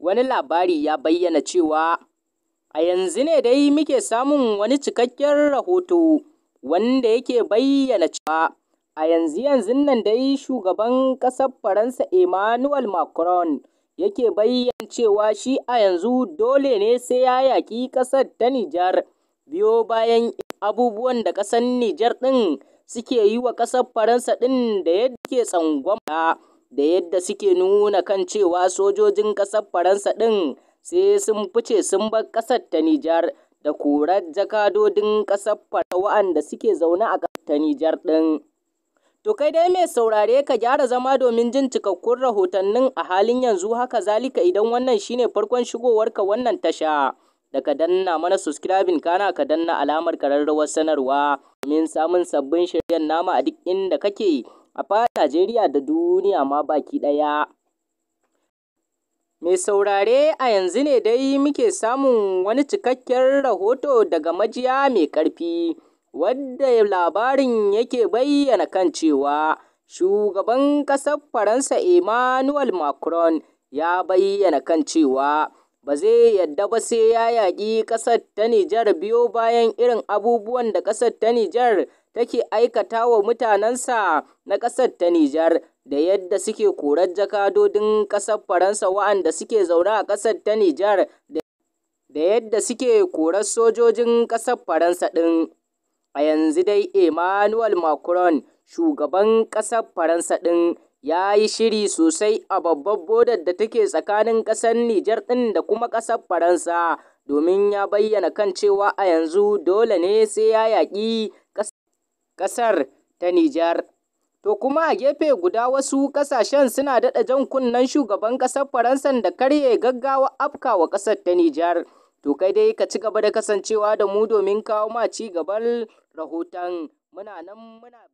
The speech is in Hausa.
Wani labari ya bayyana cewa a yanzu ne dai muke samun wani cikakken rahoto wanda yake bayyana cewa a yanzu yanzu nan dai Shugaban ƙasar Faransa Emmanuel Macron yake bayyana cewa shi a yanzu dole ne sai ya yaƙi ƙasar ta Nijar, biyo bayan abubuwan da ƙasar Nijar ɗin suke yi wa ƙasar Faransa ɗin da yadda ke tsangwama da yadda suke nuna kan cewa sojojin ƙasar Faransa ɗin sai sun fice sun bar ƙasar ta Nijar da korar jakadodin ƙasar Faransa wa'anda suke zaune a ƙasar ta Nijar ɗin. To kai dai mai saurare ka gyara zama domin jin cikakkun rahotannin a halin yanzu haka zalika idan wannan shine farkon shigowarka wannan tasha. da ka danna mana subscribing kana ka danna alamar ƙararrawar sanarwa domin samun sabbin shiryen nama a duk inda kake a fara Najeriya da duniya ma baki ɗaya. Mai saurare, a yanzu ne dai muke samun wani cikakken rahoto daga majiya mai ƙarfi, wadda labarin yake bayyana kan cewa Shugaban ƙasar Faransa Emmanuel Macron ya bayyana kan cewa ba zai yadda ba sai ya yaƙi ƙasar ta Nijar biyo bayan irin abubuwan da ƙasar ta Nijar take aikata wa mutanensa na ƙasar ta Nijar da yadda suke korar jakadodin ƙasar Faransa wa'anda suke zaune a ƙasar ta Nijar da yadda suke korar sojojin ƙasar Faransa ɗin. A yanzu dai Emmanuel Macron, shugaban ƙasar Faransa ɗin, ya yi shiri sosai a babbar bodar da take tsakanin ƙasar Nijar ɗin da kuma ƙasar Faransa, domin ya bayyana kan cewa a yanzu dole ne sai ya yaƙi ƙasar ta Nijar. To kuma a gefe guda wasu ƙasashen suna daɗa jan kunnen shugaban ƙasar Faransan da karye gaggawa afka wa ƙasar ta Nijar. To kai dai ka ci gaba da kasancewa da mu domin kawo ma ci gaban rahoton muna nan muna